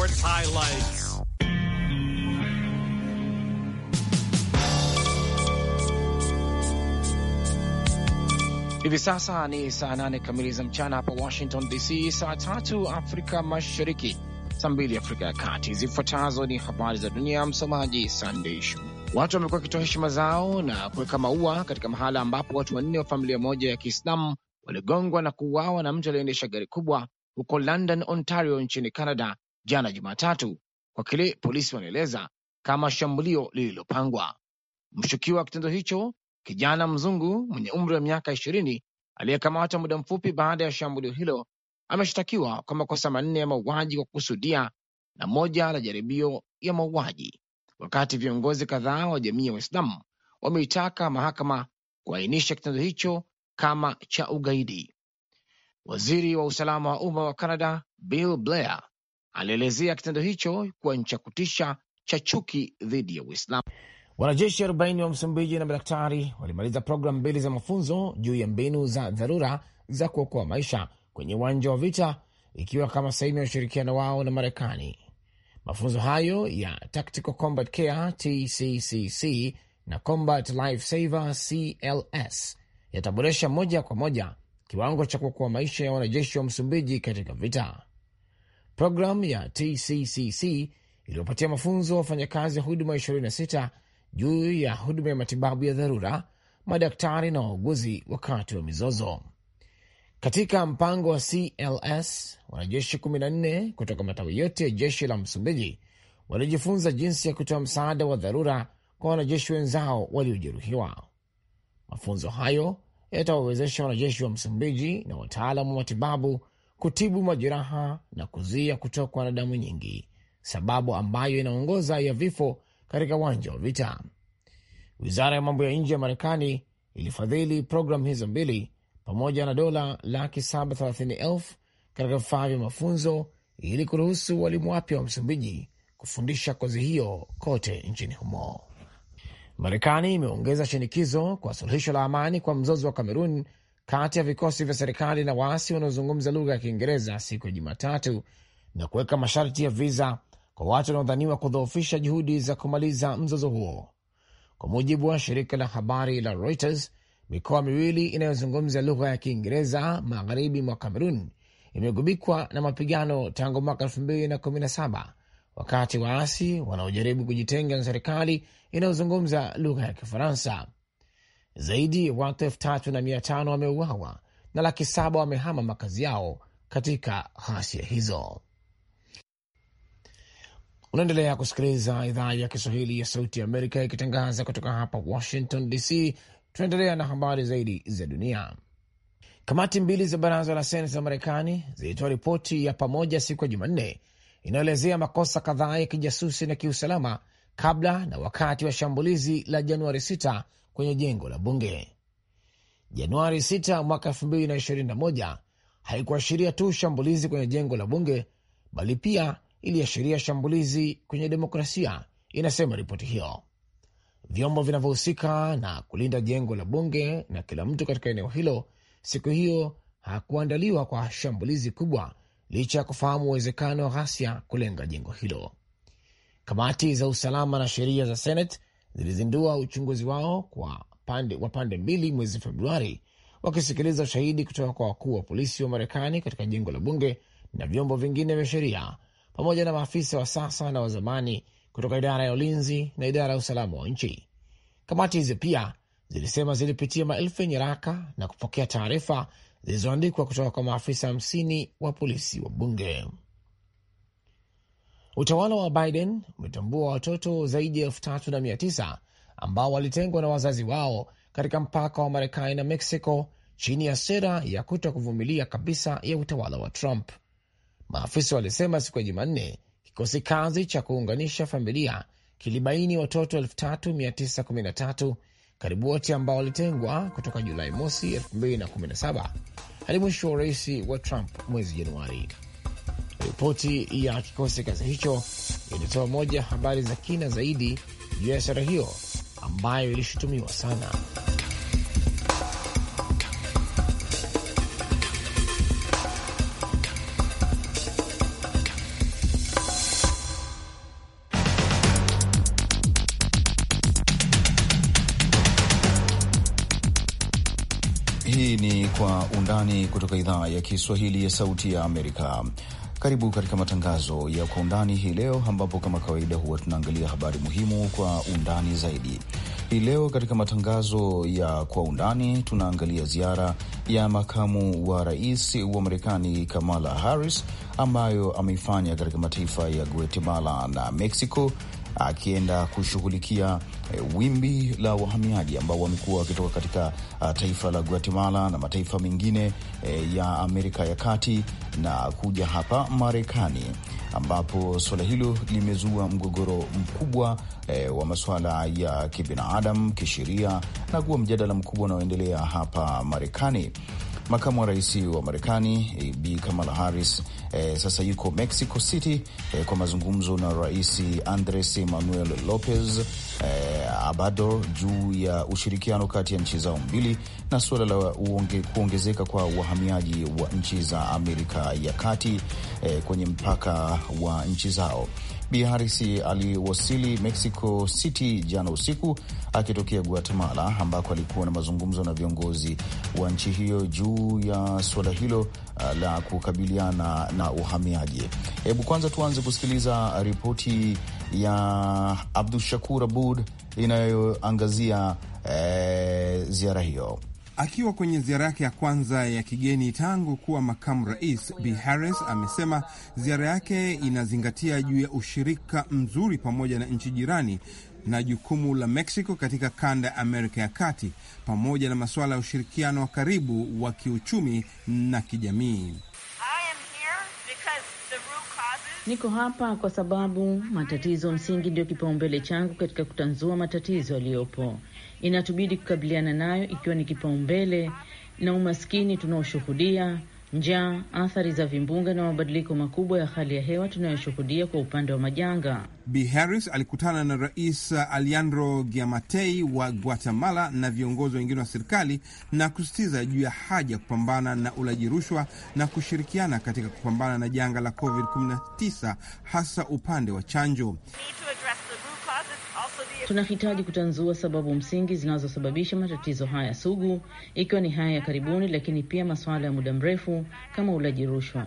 sports highlights. Hivi sasa ni saa nane kamili za mchana hapa Washington DC, saa tatu Afrika Mashariki, saa mbili Afrika ya Kati. Zifuatazo ni habari za dunia, msomaji Sandey Shu. Watu wamekuwa wakitoa heshima zao na kuweka maua katika mahala ambapo watu wanne wa familia moja ya Kiislamu waligongwa na kuuawa na mtu aliyeendesha gari kubwa huko London, Ontario, nchini Canada jana Jumatatu kwa kile polisi wanaeleza kama shambulio lililopangwa. Mshukiwa wa kitendo hicho, kijana mzungu mwenye umri wa miaka ishirini aliyekamatwa muda mfupi baada ya shambulio hilo, ameshtakiwa kwa makosa manne ya mauaji kwa kukusudia na moja la jaribio ya mauaji, wakati viongozi kadhaa wa jamii ya Waislamu wameitaka mahakama kuainisha kitendo hicho kama cha ugaidi. Waziri wa usalama wa umma wa Canada Bill Blair alielezea kitendo hicho kuwa ni cha kutisha cha chuki dhidi ya Uislamu. Wanajeshi 40 wa Msumbiji na madaktari walimaliza programu mbili za mafunzo juu ya mbinu za dharura za kuokoa maisha kwenye uwanja wa vita, ikiwa kama sehemu ya ushirikiano wao na Marekani. Mafunzo hayo ya Tactical Combat Care TCCC na Combat Life Saver CLS yataboresha moja kwa moja kiwango cha kuokoa maisha ya wanajeshi wa Msumbiji katika vita. Programu ya TCCC iliyopatia mafunzo wafanyakazi wa huduma 26 juu ya huduma ya matibabu ya dharura, madaktari na wauguzi wakati wa mizozo. Katika mpango wa CLS, wanajeshi 14 kutoka matawi yote ya jeshi la Msumbiji walijifunza jinsi ya kutoa msaada wa dharura kwa wanajeshi wenzao waliojeruhiwa. Mafunzo hayo yatawawezesha wanajeshi wa Msumbiji na wataalamu wa matibabu kutibu majeraha na kuzuia kutokwa na damu nyingi, sababu ambayo inaongoza ya vifo katika uwanja wa vita. Wizara ya mambo ya nje ya Marekani ilifadhili programu hizo mbili pamoja na dola laki saba thelathini elfu katika vifaa vya mafunzo ili kuruhusu walimu wapya wa Msumbiji kufundisha kozi hiyo kote nchini humo. Marekani imeongeza shinikizo kwa suluhisho la amani kwa mzozo wa Kamerun kati ya vikosi vya serikali na waasi wanaozungumza lugha ya Kiingereza siku ya Jumatatu na kuweka masharti ya viza kwa watu wanaodhaniwa kudhoofisha juhudi za kumaliza mzozo huo. Kwa mujibu wa shirika la habari la Reuters, mikoa miwili inayozungumza lugha ya Kiingereza magharibi mwa Kamerun imegubikwa na mapigano tangu mwaka 2017 wakati waasi wanaojaribu kujitenga na serikali inayozungumza lugha ya Kifaransa zaidi ya watu elfu tatu na mia tano wameuawa na laki saba wamehama makazi yao katika ghasia hizo. Unaendelea kusikiliza idhaa ya Kiswahili ya Sauti ya Amerika ikitangaza kutoka hapa Washington DC. Tunaendelea na habari zaidi za dunia. Kamati mbili za baraza la Seneti za Marekani zilitoa ripoti ya pamoja siku ya Jumanne inayoelezea makosa kadhaa ya kijasusi na kiusalama kabla na wakati wa shambulizi la Januari 6 kwenye jengo la bunge. Januari 6 mwaka 2021 haikuashiria tu shambulizi kwenye jengo la bunge, bali pia iliashiria shambulizi kwenye demokrasia, inasema ripoti hiyo. Vyombo vinavyohusika na kulinda jengo la bunge na kila mtu katika eneo hilo siku hiyo hakuandaliwa kwa shambulizi kubwa, licha ya kufahamu uwezekano wa ghasia kulenga jengo hilo. Kamati za usalama na sheria za Senate zilizindua uchunguzi wao kwa pande, wa pande mbili mwezi Februari, wakisikiliza ushahidi kutoka kwa wakuu wa polisi wa Marekani katika jengo la bunge na vyombo vingine vya sheria pamoja na maafisa wa sasa na wa zamani kutoka idara ya ulinzi na idara ya usalama wa nchi. Kamati hizi pia zilisema zilipitia maelfu ya nyaraka na kupokea taarifa zilizoandikwa kutoka kwa maafisa hamsini wa polisi wa bunge. Utawala wa Biden umetambua watoto zaidi ya elfu tatu na mia tisa ambao walitengwa na wazazi wao katika mpaka wa Marekani na Meksiko chini ya sera ya kuto kuvumilia kabisa ya utawala wa Trump. Maafisa walisema siku ya Jumanne kikosi kazi cha kuunganisha familia kilibaini watoto 3913 karibu wote ambao walitengwa kutoka Julai mosi 2017 hadi mwisho wa urais wa Trump mwezi Januari. Ripoti ya kikosi kazi hicho ilitoa moja habari za kina zaidi juu ya sera hiyo ambayo ilishutumiwa sana. Hii ni Kwa Undani kutoka idhaa ya Kiswahili ya Sauti ya Amerika. Karibu katika matangazo ya kwa undani hii leo, ambapo kama kawaida huwa tunaangalia habari muhimu kwa undani zaidi. Hii leo katika matangazo ya kwa undani tunaangalia ziara ya makamu wa rais wa Marekani Kamala Harris ambayo ameifanya katika mataifa ya Guatemala na Mexico akienda kushughulikia e, wimbi la wahamiaji ambao wamekuwa wakitoka katika a, ah, taifa la Guatemala na mataifa mengine e, ya Amerika ya Kati na kuja hapa Marekani, ambapo suala hilo limezua mgogoro mkubwa e, wa masuala ya kibinadamu, kisheria na kuwa mjadala mkubwa unaoendelea hapa Marekani. Makamu wa rais wa Marekani b Kamala Harris e, sasa yuko Mexico City e, kwa mazungumzo na rais Andres Manuel Lopez e, eh, Abado juu ya ushirikiano kati ya nchi zao mbili na suala la uonge, kuongezeka kwa wahamiaji wa nchi za Amerika ya Kati e, kwenye mpaka wa nchi zao. Bi Haris aliwasili Mexico City jana usiku akitokea Guatemala, ambako alikuwa na mazungumzo na viongozi wa nchi hiyo juu ya suala hilo uh, la kukabiliana na uhamiaji. Hebu kwanza tuanze kusikiliza ripoti ya Abdushakur Abud inayoangazia eh, ziara hiyo. Akiwa kwenye ziara yake ya kwanza ya kigeni tangu kuwa makamu rais, b Harris amesema ziara yake inazingatia juu ya ushirika mzuri pamoja na nchi jirani na jukumu la Mexico katika kanda ya Amerika ya Kati pamoja na masuala ya ushirikiano wa karibu wa kiuchumi na kijamii. Niko hapa kwa sababu matatizo msingi ndio kipaumbele changu katika kutanzua matatizo yaliyopo inatubidi kukabiliana nayo ikiwa ni kipaumbele na umaskini tunaoshuhudia, njaa, athari za vimbunga na mabadiliko makubwa ya hali ya hewa tunayoshuhudia kwa upande wa majanga. Bi Harris alikutana na Rais Alejandro Giamatei wa Guatemala na viongozi wengine wa serikali na kusisitiza juu ya haja ya kupambana na ulaji rushwa na kushirikiana katika kupambana na janga la COVID-19 hasa upande wa chanjo tunahitaji kutanzua sababu msingi zinazosababisha matatizo haya sugu, ikiwa ni haya ya karibuni, lakini pia masuala ya muda mrefu kama ulaji rushwa.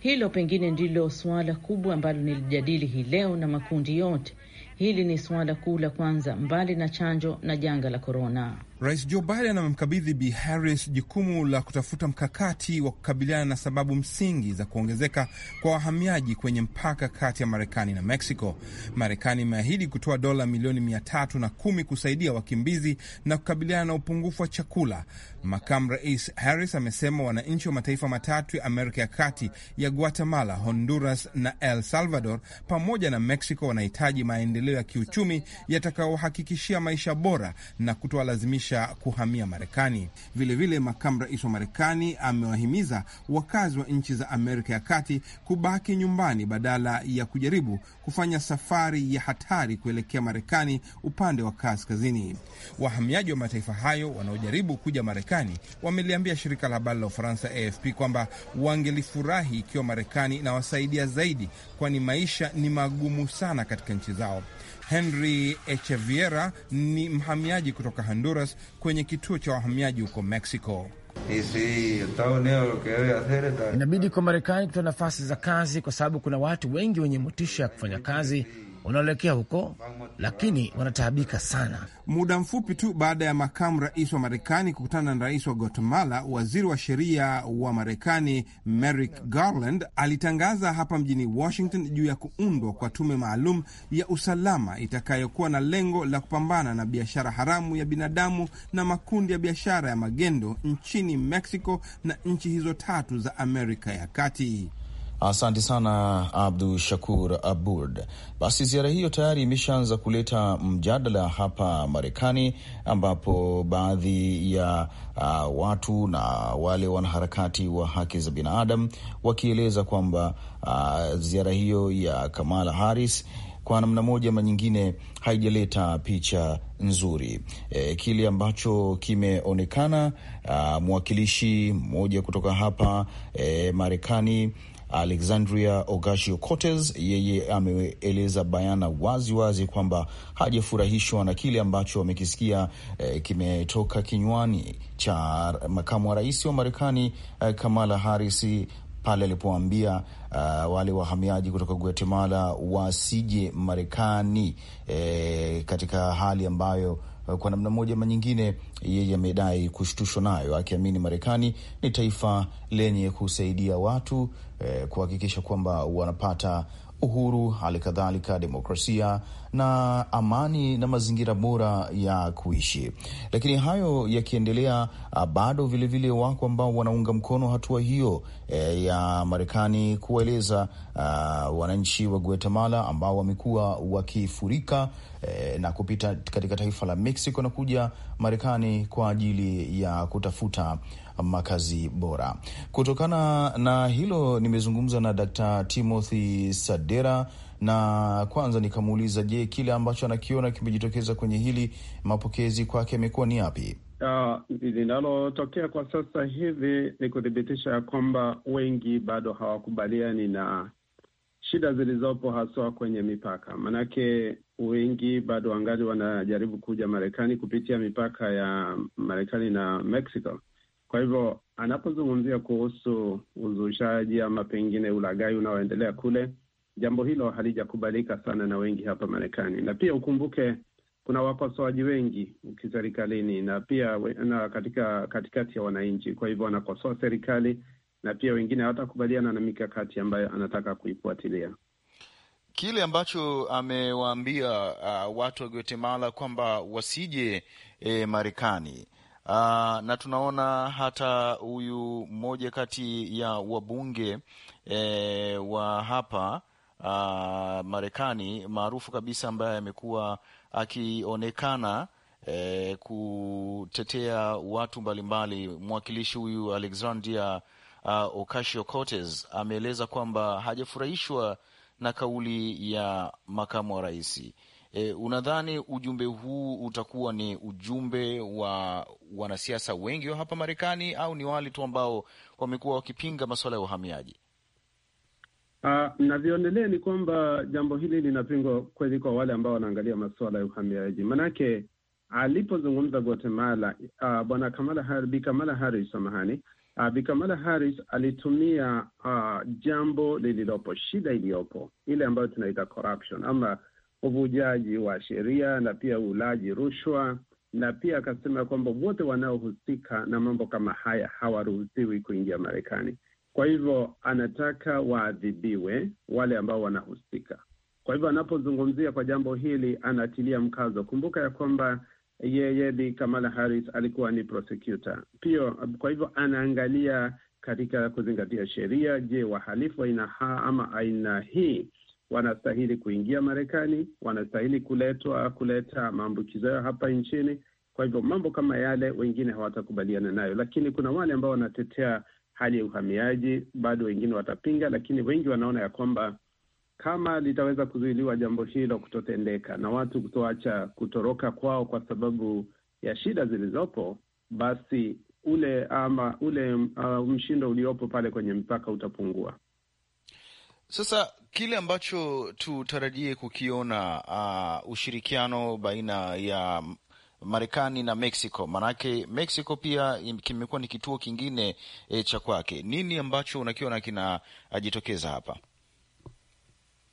Hilo pengine ndilo suala kubwa ambalo nilijadili hii leo na makundi yote. Hili ni suala kuu la kwanza, mbali na chanjo na janga la korona. Rais Joe Biden amemkabidhi Bi Harris jukumu la kutafuta mkakati wa kukabiliana na sababu msingi za kuongezeka kwa wahamiaji kwenye mpaka kati ya Marekani na mexico Marekani imeahidi kutoa dola milioni mia tatu na kumi kusaidia wakimbizi na kukabiliana na upungufu wa chakula. Makamu Rais Harris amesema wananchi wa mataifa matatu ya Amerika ya Kati ya Guatemala, Honduras na El Salvador pamoja na mexico wanahitaji maendeleo ya kiuchumi yatakayohakikishia maisha bora na lazimisha kisha kuhamia Marekani. Vilevile, makamu rais wa Marekani amewahimiza wakazi wa nchi za Amerika ya Kati kubaki nyumbani badala ya kujaribu kufanya safari ya hatari kuelekea Marekani upande wa kaskazini. Wahamiaji wa mataifa hayo wanaojaribu kuja Marekani wameliambia shirika la habari la Ufaransa AFP kwamba wangelifurahi ikiwa Marekani inawasaidia zaidi, kwani maisha ni magumu sana katika nchi zao. Henry Echeviera ni mhamiaji kutoka Honduras kwenye kituo cha wahamiaji huko Mexico. Inabidi kwa Marekani kutoa nafasi za kazi, kwa sababu kuna watu wengi wenye motisha ya kufanya kazi wanaelekea huko, lakini wanataabika sana. Muda mfupi tu baada ya makamu rais wa Marekani kukutana na rais wa Guatemala, waziri wa sheria wa Marekani Merrick Garland alitangaza hapa mjini Washington juu ya kuundwa kwa tume maalum ya usalama itakayokuwa na lengo la kupambana na biashara haramu ya binadamu na makundi ya biashara ya magendo nchini Mexico na nchi hizo tatu za Amerika ya Kati. Asante sana Abdu Shakur Abud. Basi ziara hiyo tayari imeshaanza kuleta mjadala hapa Marekani, ambapo baadhi ya uh, watu na wale wanaharakati wa haki za binadamu wakieleza kwamba uh, ziara hiyo ya Kamala Harris kwa namna moja ama nyingine haijaleta picha nzuri. E, kile ambacho kimeonekana, mwakilishi mmoja kutoka hapa e, Marekani Alexandria Ocasio Cortez, yeye ameeleza bayana waziwazi wazi kwamba hajafurahishwa na kile ambacho amekisikia eh, kimetoka kinywani cha makamu wa rais wa Marekani eh, Kamala Harris pale alipoambia uh, wale wahamiaji kutoka Guatemala wasije Marekani eh, katika hali ambayo Eh, kwa namna moja ama nyingine, yeye amedai kushtushwa nayo, akiamini Marekani ni taifa lenye kusaidia watu eh, kuhakikisha kwamba wanapata uhuru, hali kadhalika demokrasia na amani na mazingira bora ya kuishi. Lakini hayo yakiendelea, ah, bado vilevile wako ambao wanaunga mkono hatua hiyo e, ya Marekani kuwaeleza uh, wananchi wa Guatemala ambao wamekuwa wakifurika e, na kupita katika taifa la Mexico na kuja Marekani kwa ajili ya kutafuta makazi bora. Kutokana na hilo, nimezungumza na Dkt. Timothy Sadera na kwanza nikamuuliza, je, kile ambacho anakiona kimejitokeza kwenye hili, mapokezi kwake yamekuwa ni yapi? Ah, linalotokea kwa sasa hivi ni kuthibitisha ya kwamba wengi bado hawakubaliani na shida zilizopo haswa kwenye mipaka, maanake wengi bado wangali wanajaribu kuja Marekani kupitia mipaka ya Marekani na Mexico kwa hivyo anapozungumzia kuhusu uzushaji ama pengine ulaghai unaoendelea kule, jambo hilo halijakubalika sana na wengi hapa Marekani, na pia ukumbuke kuna wakosoaji wengi kiserikalini na pia na katika katikati ya wananchi. Kwa hivyo wanakosoa serikali na pia wengine hawatakubaliana na mikakati ambayo anataka kuifuatilia. Kile ambacho amewaambia uh, watu wa Guatemala kwamba wasije eh, Marekani Uh, na tunaona hata huyu mmoja kati ya wabunge e, wa hapa uh, Marekani maarufu kabisa ambaye amekuwa akionekana e, kutetea watu mbalimbali. Mwakilishi huyu Alexandria uh, ah, Ocasio Cortez ameeleza kwamba hajafurahishwa na kauli ya makamu wa rais E, unadhani ujumbe huu utakuwa ni ujumbe wa wanasiasa wengi wa hapa Marekani au ni wale tu ambao wamekuwa wakipinga masuala ya uhamiaji? Uh, navyoonelea ni kwamba jambo hili linapingwa kweli kwa wale ambao wanaangalia masuala ya uhamiaji, manake alipozungumza Guatemala, uh, bwana Kamala Harris, Bi Kamala Harris, samahani, uh, Bi Kamala Harris alitumia uh, jambo lililopo, shida iliyopo, ile ambayo tunaita corruption ama uvujaji wa sheria na pia ulaji rushwa, na pia akasema kwamba wote wanaohusika na mambo kama haya hawaruhusiwi kuingia Marekani. Kwa hivyo anataka waadhibiwe wale ambao wanahusika. Kwa hivyo anapozungumzia kwa jambo hili anatilia mkazo, kumbuka ya kwamba yeye Bi Kamala Harris alikuwa ni prosecutor pia. Kwa hivyo anaangalia katika kuzingatia sheria. Je, wahalifu aina ha ama aina hii wanastahili kuingia Marekani, wanastahili kuletwa kuleta maambukizo yao hapa nchini. Kwa hivyo mambo kama yale wengine hawatakubaliana nayo, lakini kuna wale ambao wanatetea hali ya uhamiaji, bado wengine watapinga, lakini wengi wanaona ya kwamba kama litaweza kuzuiliwa jambo hilo kutotendeka na watu kutoacha kutoroka kwao kwa sababu ya shida zilizopo, basi ule ama ule uh, mshindo uliopo pale kwenye mpaka utapungua. Sasa Kile ambacho tutarajie kukiona uh, ushirikiano baina ya Marekani na Mexico, maanake Mexico pia kimekuwa ni kituo kingine e, cha kwake. Nini ambacho unakiona kinajitokeza hapa?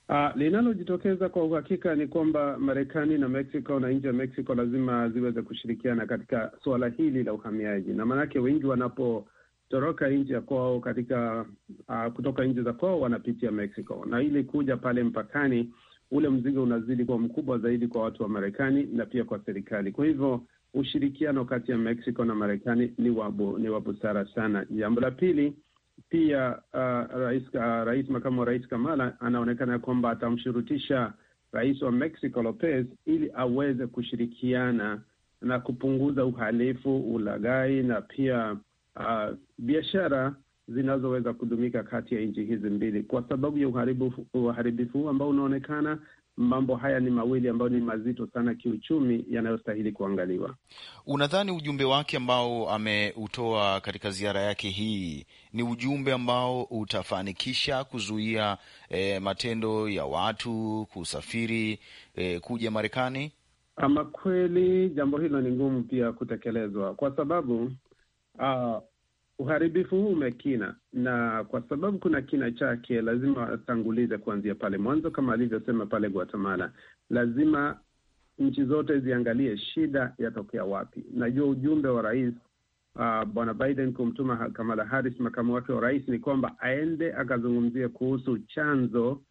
Uh, linalojitokeza kwa uhakika ni kwamba Marekani na Mexico na nchi ya Mexico lazima ziweze kushirikiana katika suala hili la uhamiaji, na maanake wengi wanapo wanatoroka nchi ya kwao katika uh, kutoka nchi za kwao wanapitia Mexico, na ili kuja pale mpakani, ule mzigo unazidi kuwa mkubwa zaidi kwa watu wa Marekani na pia kwa serikali. Kwa hivyo ushirikiano kati ya Mexico na Marekani ni wabu, ni wa busara sana. Jambo la pili pia uh, rais, uh, rais makamu wa rais Kamala anaonekana kwamba atamshurutisha rais wa Mexico Lopez ili aweze kushirikiana na kupunguza uhalifu, ulaghai na pia uh, biashara zinazoweza kudumika kati ya nchi hizi mbili kwa sababu ya uharibifu, huu ambao unaonekana. Mambo haya ni mawili ambayo ni mazito sana kiuchumi, yanayostahili kuangaliwa. Unadhani ujumbe wake ambao ameutoa katika ziara yake hii ni ujumbe ambao utafanikisha kuzuia e, matendo ya watu kusafiri e, kuja Marekani? Ama kweli jambo hilo ni ngumu pia kutekelezwa kwa sababu uh, uharibifu huu umekina, na kwa sababu kuna kina chake, lazima watangulize kuanzia pale mwanzo, kama alivyosema pale Guatemala. Lazima nchi zote ziangalie shida yatokea wapi. Najua ujumbe wa rais uh, bwana Biden kumtuma Kamala Harris, makamu wake wa rais, ni kwamba aende akazungumzia kuhusu chanzo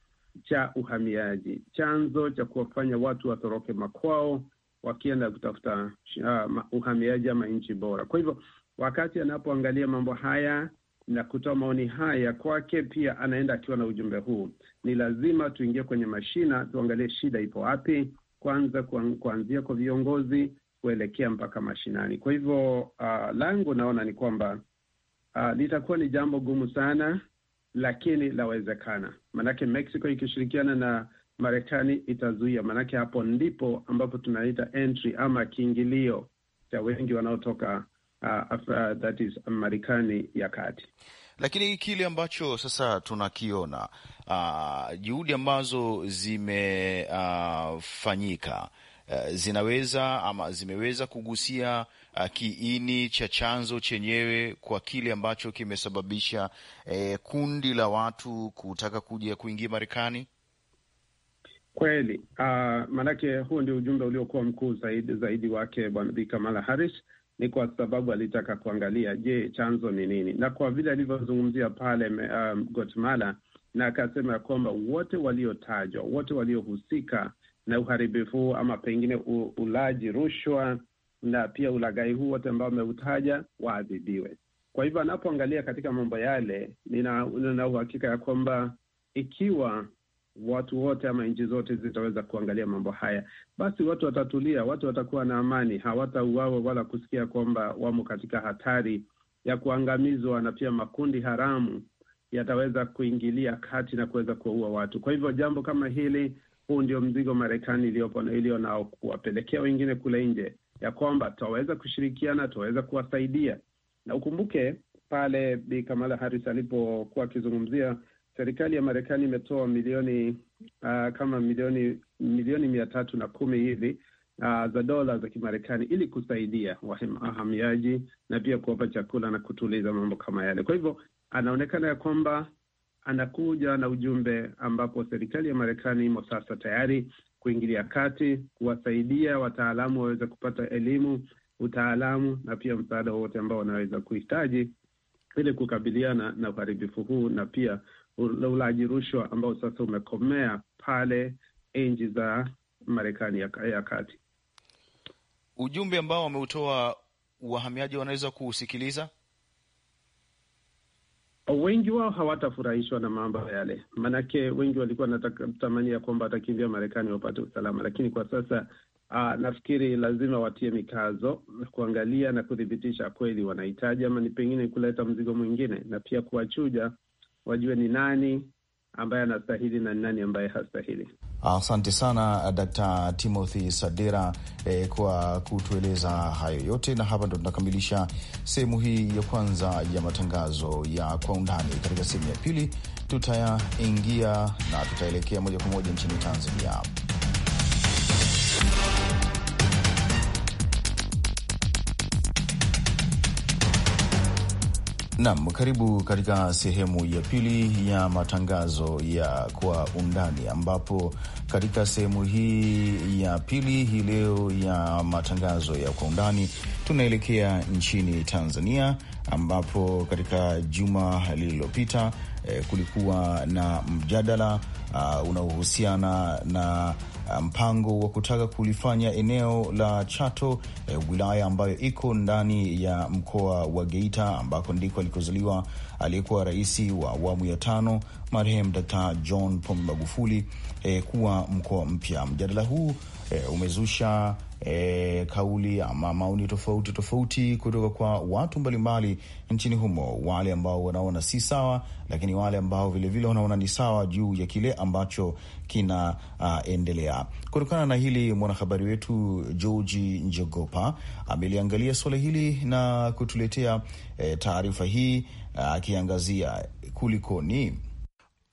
cha uhamiaji, chanzo cha kuwafanya watu watoroke makwao wakienda kutafuta uh, uhamiaji ama nchi bora. Kwa hivyo Wakati anapoangalia mambo haya na kutoa maoni haya kwake, pia anaenda akiwa na ujumbe huu: ni lazima tuingie kwenye mashina, tuangalie shida ipo wapi, kwanza kuanzia kwa viongozi kuelekea mpaka mashinani. Kwa hivyo uh, langu naona ni kwamba uh, litakuwa ni jambo gumu sana, lakini lawezekana, maanake Mexico ikishirikiana na Marekani itazuia, maanake hapo ndipo ambapo tunaita entry ama kiingilio cha wengi wanaotoka Uh, uh, that is Marekani ya kati lakini kile ambacho sasa tunakiona uh, juhudi ambazo zimefanyika uh, uh, zinaweza ama zimeweza kugusia uh, kiini cha chanzo chenyewe kwa kile ambacho kimesababisha eh, kundi la watu kutaka kuja kuingia Marekani. Kweli uh, maanake huu ndio ujumbe uliokuwa mkuu zaidi zaidi wake Bwana Kamala Harris ni kwa sababu alitaka kuangalia, je, chanzo ni nini? Na kwa vile alivyozungumzia pale um, Guatemala, na akasema ya kwamba wote waliotajwa, wote waliohusika na uharibifu huu ama pengine u, ulaji rushwa na pia ulaghai huu wote ambao ameutaja waadhibiwe. Kwa hivyo anapoangalia katika mambo yale, nina uhakika ya kwamba ikiwa watu wote ama nchi zote zitaweza kuangalia mambo haya, basi watu watatulia, watu watakuwa na amani, hawatauawa wala kusikia kwamba wamo katika hatari ya kuangamizwa, na pia makundi haramu yataweza kuingilia kati na kuweza kuwaua watu. Kwa hivyo jambo kama hili, huu ndio mzigo Marekani iliyopo iliyo nao kuwapelekea wengine kule nje, ya kwamba tutaweza kushirikiana, tutaweza kuwasaidia, na ukumbuke pale Bi Kamala Harris alipokuwa akizungumzia serikali ya Marekani imetoa milioni uh, kama milioni milioni mia tatu na kumi hivi uh, za dola za Kimarekani ili kusaidia wahamiaji na pia kuwapa chakula na kutuliza mambo kama yale. Kwa hivyo anaonekana ya kwamba anakuja na ujumbe ambapo serikali ya Marekani imo sasa tayari kuingilia kati, kuwasaidia wataalamu waweze kupata elimu, utaalamu na pia msaada wowote ambao wanaweza kuhitaji ili kukabiliana na uharibifu huu na pia ulaji rushwa ambao sasa umekomea pale nchi za Marekani ya, ya kati. Ujumbe ambao wameutoa wahamiaji wanaweza kuusikiliza. Wengi wao hawatafurahishwa na mambo yale, maanake wengi walikuwa natamania ya kwamba watakimbia Marekani wapate usalama, lakini kwa sasa uh, nafikiri lazima watie mikazo kuangalia na kuthibitisha kweli wanahitaji ama ni pengine kuleta mzigo mwingine, na pia kuwachuja wajue ni nani ambaye anastahili na ni nani ambaye hastahili. Asante sana eh, Dkt. Timothy Sadera eh, kwa kutueleza hayo yote, na hapa ndo tunakamilisha sehemu hii ya kwanza ya matangazo ya kwa undani. Katika sehemu ya pili tutaingia na tutaelekea moja kwa moja nchini Tanzania. Nam, karibu katika sehemu ya pili ya matangazo ya kwa undani, ambapo katika sehemu hii ya pili hii leo ya matangazo ya kwa undani tunaelekea nchini Tanzania, ambapo katika juma lililopita eh, kulikuwa na mjadala uh, unaohusiana na Ah, mpango wa kutaka kulifanya eneo la Chato e, wilaya ambayo iko ndani ya mkoa wa Geita ambako ndiko alikozaliwa aliyekuwa rais wa awamu ya tano marehemu Dkt. John Pombe Magufuli e, kuwa mkoa mpya. Mjadala huu e, umezusha e, kauli ama maoni tofauti tofauti kutoka kwa watu mbalimbali nchini humo, wale ambao wanaona si sawa, lakini wale ambao vilevile wanaona ni sawa juu ya kile ambacho kinaendelea. Uh, kutokana na hili mwanahabari wetu Georgi Njogopa ameliangalia suala hili na kutuletea e, taarifa hii akiangazia uh, kulikoni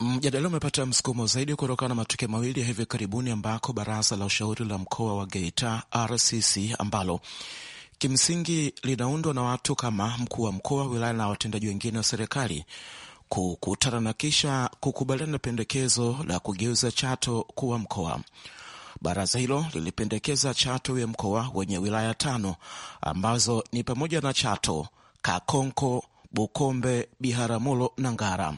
Mjadala umepata msukumo zaidi kutokana na matukio mawili ya hivi karibuni ambako baraza la ushauri la mkoa wa Geita RCC ambalo kimsingi linaundwa na watu kama mkuu wa mkoa, wilaya na watendaji wengine wa serikali kukutana na kisha kukubaliana na pendekezo la kugeuza Chato kuwa mkoa. Baraza hilo lilipendekeza Chato ya mkoa wenye wilaya tano ambazo ni pamoja na Chato, Kakonko, Bukombe, Biharamulo na Ngara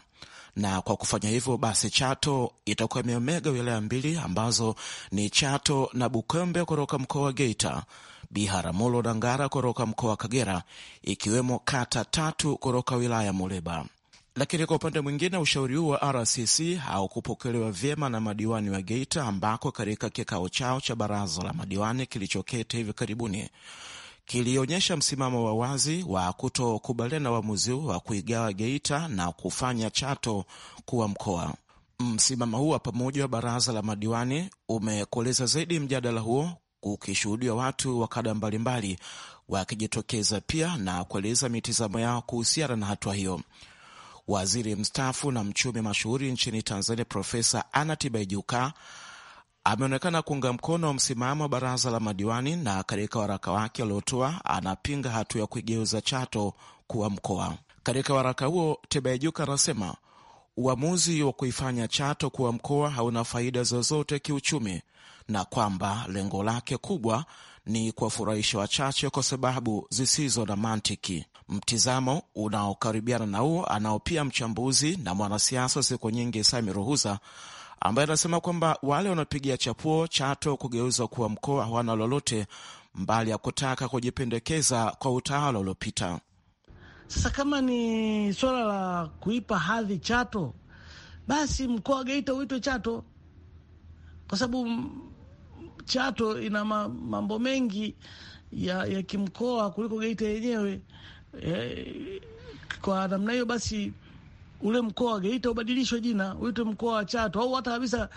na kwa kufanya hivyo basi Chato itakuwa imeomega wilaya mbili ambazo ni Chato na Bukombe kutoka mkoa wa Geita, Biharamulo na Ngara kutoka mkoa wa Kagera, ikiwemo kata tatu kutoka wilaya Muleba. Lakini kwa upande mwingine, ushauri huu wa RCC haukupokelewa vyema na madiwani wa Geita, ambako katika kikao chao cha baraza la madiwani kilichoketi hivi karibuni kilionyesha msimamo wa wazi wa kutokubaliana na uamuzi wa kuigawa Geita na kufanya Chato kuwa mkoa. Msimamo huu wa pamoja wa baraza la madiwani umekoleza zaidi mjadala huo, ukishuhudia watu wa kada mbalimbali wakijitokeza pia na kueleza mitazamo yao kuhusiana na hatua hiyo. Waziri mstaafu na mchumi mashuhuri nchini Tanzania Profesa Anna Tibaijuka ameonekana kuunga mkono wa msimamo wa baraza la madiwani na katika waraka wake aliotoa anapinga hatua ya kuigeuza Chato kuwa mkoa. Katika waraka huo, Tebaijuka anasema uamuzi wa kuifanya Chato kuwa mkoa hauna faida zozote kiuchumi na kwamba lengo lake kubwa ni kuwafurahisha wachache kwa sababu zisizo na mantiki. Mtizamo unaokaribiana na huo anao pia mchambuzi na mwanasiasa siku nyingi Sami Ruhuza ambaye anasema kwamba wale wanaopigia chapuo Chato kugeuzwa kuwa mkoa hawana lolote mbali ya kutaka kujipendekeza kwa utawala uliopita. Sasa kama ni suala la kuipa hadhi Chato, basi mkoa wa Geita uitwe Chato kwa sababu Chato ina mambo mengi ya, ya kimkoa kuliko Geita yenyewe. E, kwa namna hiyo basi ule mkoa wa Geita ubadilishwe jina uitwe mkoa wa Chato, au hata kabisa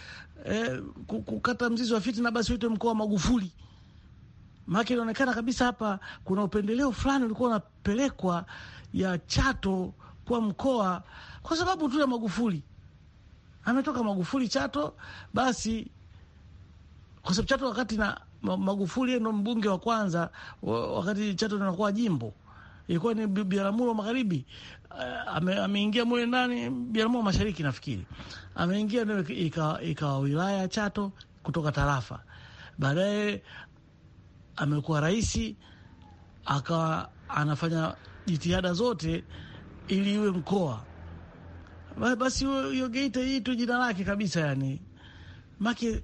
eh, kukata mzizi wa fitina, basi uitwe mkoa wa Magufuli. Maana inaonekana kabisa hapa kuna upendeleo fulani ulikuwa unapelekwa ya Chato kwa mkoa, kwa sababu tu ya Magufuli ametoka Magufuli Chato, basi kwa sababu Chato wakati na Magufuli ndo mbunge wa kwanza wakati Chato inakuwa jimbo ilikuwa ni biaramuro wa magharibi, eh, ameingia mule ndani Biaramulo wa mashariki, nafikiri ameingia ndio ikawa wilaya ya Chato kutoka tarafa. Baadaye amekuwa rais, akawa anafanya jitihada zote ili iwe mkoa. Basi hiyo Geita hii tu jina lake kabisa, yani make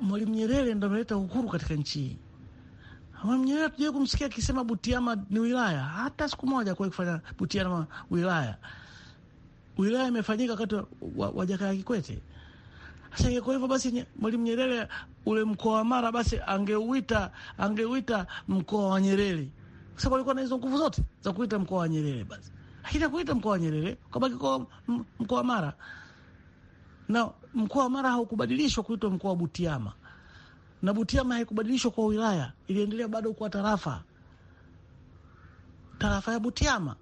Mwalimu Nyerere ndo ameleta uhuru katika nchi hii. Nyerere hatujawahi kumsikia akisema Butiama ni wilaya, hata siku moja kuwahi kufanya Butiama wilaya. Wilaya imefanyika wakati wa, wa, Jakaya Kikwete. Sasa ingekuwa hivyo basi, Mwalimu Nyerere ule mkoa wa Mara basi angeuita angeuita mkoa wa Nyerere, kwa sababu alikuwa na hizo nguvu zote za kuita mkoa wa Nyerere. Basi mkoa wa Nyerere kabaki kwa mkoa wa Mara, na mkoa wa Mara haukubadilishwa kuitwa mkoa wa Butiama na Butiama haikubadilishwa kwa wilaya, iliendelea bado kuwa tarafa, tarafa ya Butiama.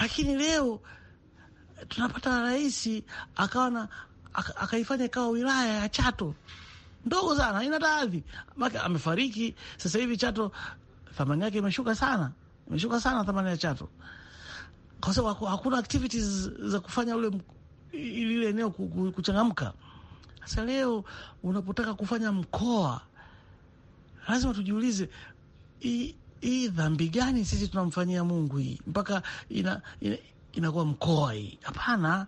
Lakini leo tunapata rais akawa na akaifanya ikawa wilaya ya Chato ndogo sana, haina taadhi, amefariki. Sasa hivi Chato thamani yake imeshuka sana, imeshuka sana thamani ya Chato kwa sababu hakuna activities za kufanya ule lile eneo kuchangamka. Sasa leo unapotaka kufanya mkoa, lazima tujiulize hii dhambi gani sisi tunamfanyia Mungu hii mpaka ina, ina inakuwa mkoa hii? Hapana,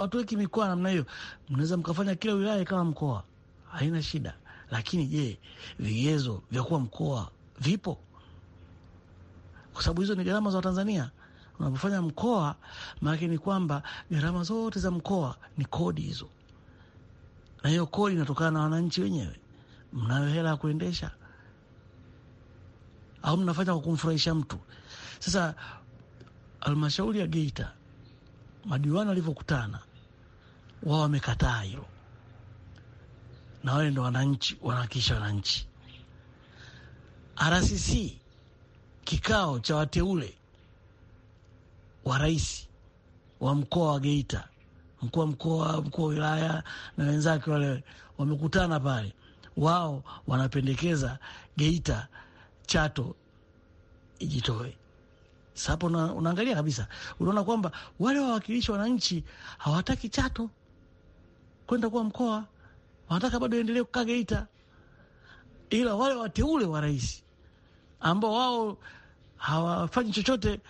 hatuweki mikoa namna hiyo. Mnaweza mkafanya kila wilaya ikawa mkoa, haina shida. Lakini je, vigezo vya kuwa mkoa vipo? Kwa sababu hizo ni gharama za Watanzania. Unapofanya mkoa, maanake ni kwamba gharama zote za mkoa ni kodi hizo na hiyo kodi inatokana na wananchi wenyewe. Mnayo hela ya kuendesha au mnafanya kwa kumfurahisha mtu? Sasa halmashauri ya Geita, madiwani walivyokutana, wao wamekataa hilo, na wale ndo wananchi wanawakilisha wananchi. RCC kikao cha wateule wa rais wa mkoa wa Geita mkuu wa mkoa, mkuu wa wilaya na wenzake wale wamekutana pale, wao wanapendekeza Geita, Chato ijitoe. Sapo hapo unaangalia kabisa, unaona kwamba wale wawakilishi wananchi hawataki Chato kwenda kuwa mkoa, wanataka bado endelee kukaa Geita, ila wale wateule wa rais ambao wao hawafanyi chochote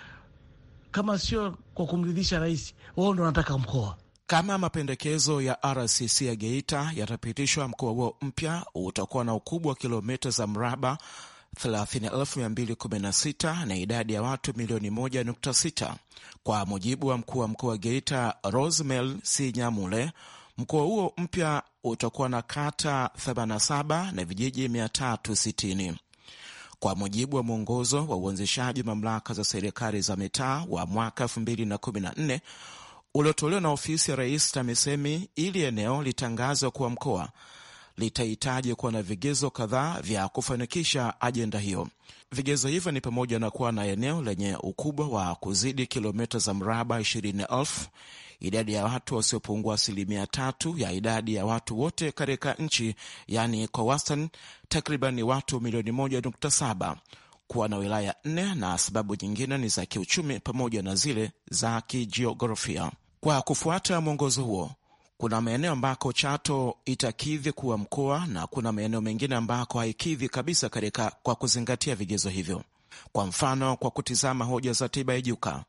kama sio kwa kumridhisha rais, wao ndo wanataka mkoa. Kama mapendekezo ya RCC ya Geita yatapitishwa, mkoa huo mpya utakuwa na ukubwa wa kilomita za mraba 30,216 na idadi ya watu milioni 1.6, kwa mujibu wa mkuu wa mkoa wa Geita Rosemel C. Nyamule. Mkoa huo mpya utakuwa na kata 87 na vijiji 360. Kwa mujibu wa mwongozo wa uanzishaji mamlaka za serikali za mitaa wa mwaka 2014 uliotolewa na ofisi ya rais TAMISEMI ili eneo litangazwe kuwa mkoa litahitaji kuwa na vigezo kadhaa vya kufanikisha ajenda hiyo. Vigezo hivyo ni pamoja na kuwa na eneo lenye ukubwa wa kuzidi kilomita za mraba 20,000, idadi ya watu wasiopungua asilimia tatu ya idadi ya watu wote katika nchi, yaani kwa wastani takriban watu milioni 1.7, kuwa na wilaya nne, na sababu nyingine ni za kiuchumi pamoja na zile za kijiografia. Kwa kufuata mwongozo huo, kuna maeneo ambako Chato itakidhi kuwa mkoa na kuna maeneo mengine ambako haikidhi kabisa katika kwa kuzingatia vigezo hivyo. Kwa mfano, kwa kutizama hoja za tiba ijuka,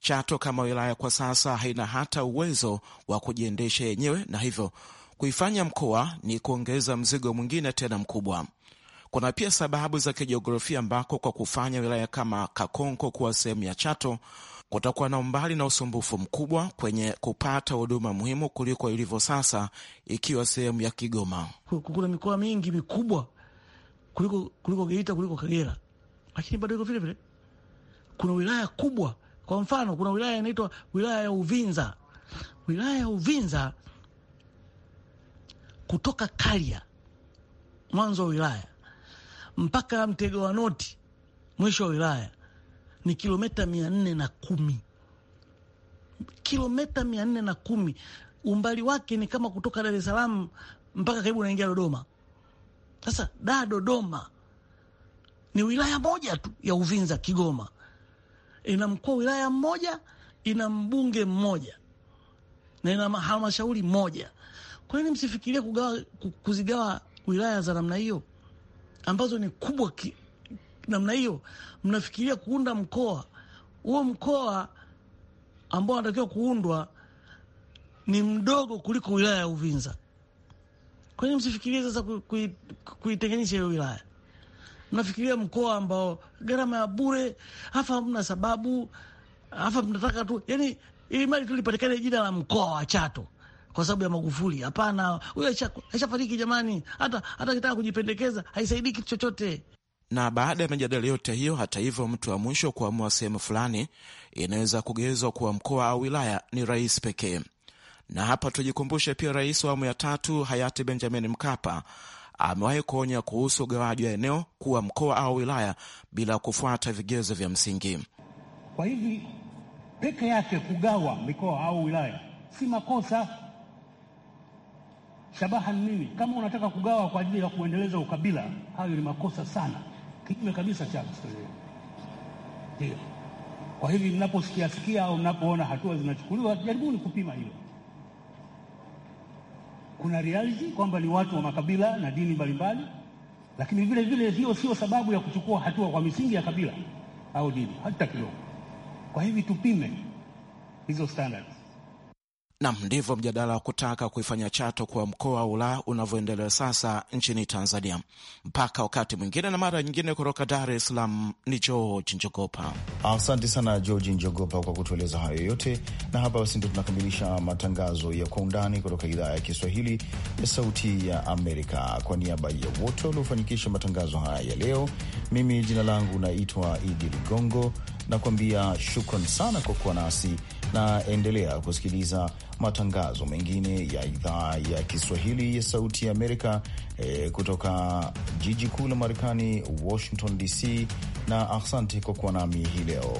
Chato kama wilaya kwa sasa haina hata uwezo wa kujiendesha yenyewe, na hivyo kuifanya mkoa ni kuongeza mzigo mwingine tena mkubwa. Kuna pia sababu za kijiografia ambako kwa kufanya wilaya kama Kakonko kuwa sehemu ya Chato kutakuwa na umbali na usumbufu mkubwa kwenye kupata huduma muhimu kuliko ilivyo sasa, ikiwa sehemu ya Kigoma. Kuna mikoa mingi mikubwa kuliko kuliko Geita, kuliko Kagera, lakini bado iko vilevile. Kuna wilaya kubwa, kwa mfano, kuna wilaya inaitwa wilaya ya Uvinza. Wilaya ya Uvinza kutoka Karia, mwanzo wa wilaya, mpaka mtego wa noti, mwisho wa wilaya ni kilomita mia nne na kumi kilomita mia nne na kumi Umbali wake ni kama kutoka Dar es Salaam mpaka karibu unaingia Dodoma. Sasa da Dodoma ni wilaya moja tu ya Uvinza Kigoma, ina mkoa wilaya mmoja, ina mbunge mmoja na ina halmashauri moja. Kwa nini msifikirie kugawa, kuzigawa wilaya za namna hiyo ambazo ni kubwa ki, namna hiyo, mnafikiria kuunda mkoa huo. Mkoa ambao anatakiwa kuundwa ni mdogo kuliko wilaya ya Uvinza. Kwa nini msifikirie sasa kuitenganisha hiyo wilaya? Mnafikiria mkoa ambao gharama ya bure, hafa, hamna sababu, hafa, mnataka tu yani ili mali tu lipatikane jina la mkoa wa Chato kwa sababu ya Magufuli. Hapana, huyo aishafariki jamani. Hata hata kitaka kujipendekeza haisaidii kitu chochote. Na baada ya mijadala yote hiyo, hata hivyo, mtu wa mwisho kuamua sehemu fulani inaweza kugeuzwa kuwa mkoa au wilaya ni rais pekee. Na hapa tujikumbushe pia, rais wa awamu ya tatu hayati Benjamin Mkapa amewahi kuonya kuhusu ugawaji wa eneo kuwa mkoa au wilaya bila kufuata vigezo vya msingi. Kwa hivi peke yake kugawa mikoa au wilaya si makosa. Shabaha ni nini? Kama unataka kugawa kwa ajili ya kuendeleza ukabila, hayo ni makosa sana kinyume kabisa cha historia. Ndio kwa hivi mnaposikia sikia au mnapoona hatua zinachukuliwa, jaribuni kupima hilo. Kuna reality kwamba ni watu wa makabila na dini mbalimbali, lakini vile vile hiyo sio sababu ya kuchukua hatua kwa misingi ya kabila au dini hata kidogo. Kwa hivi tupime hizo standards. Nam, ndivyo mjadala wa kutaka kuifanya Chato kuwa mkoa ula unavyoendelea sasa nchini Tanzania. Mpaka wakati mwingine na mara nyingine, kutoka Dar es Salaam ni George Njogopa. Asante sana George Njogopa kwa kutueleza hayo yote, na hapa basi ndio tunakamilisha matangazo ya Kwa Undani kutoka idhaa ya Kiswahili ya Sauti ya Amerika. Kwa niaba ya wote waliofanikisha matangazo haya ya leo, mimi jina langu naitwa Idi Ligongo, nakuambia shukran sana kwa kuwa nasi na endelea kusikiliza matangazo mengine ya idhaa ya Kiswahili ya Sauti ya Amerika eh, kutoka jiji kuu la Marekani, Washington DC, na asante kwa kuwa nami hii leo.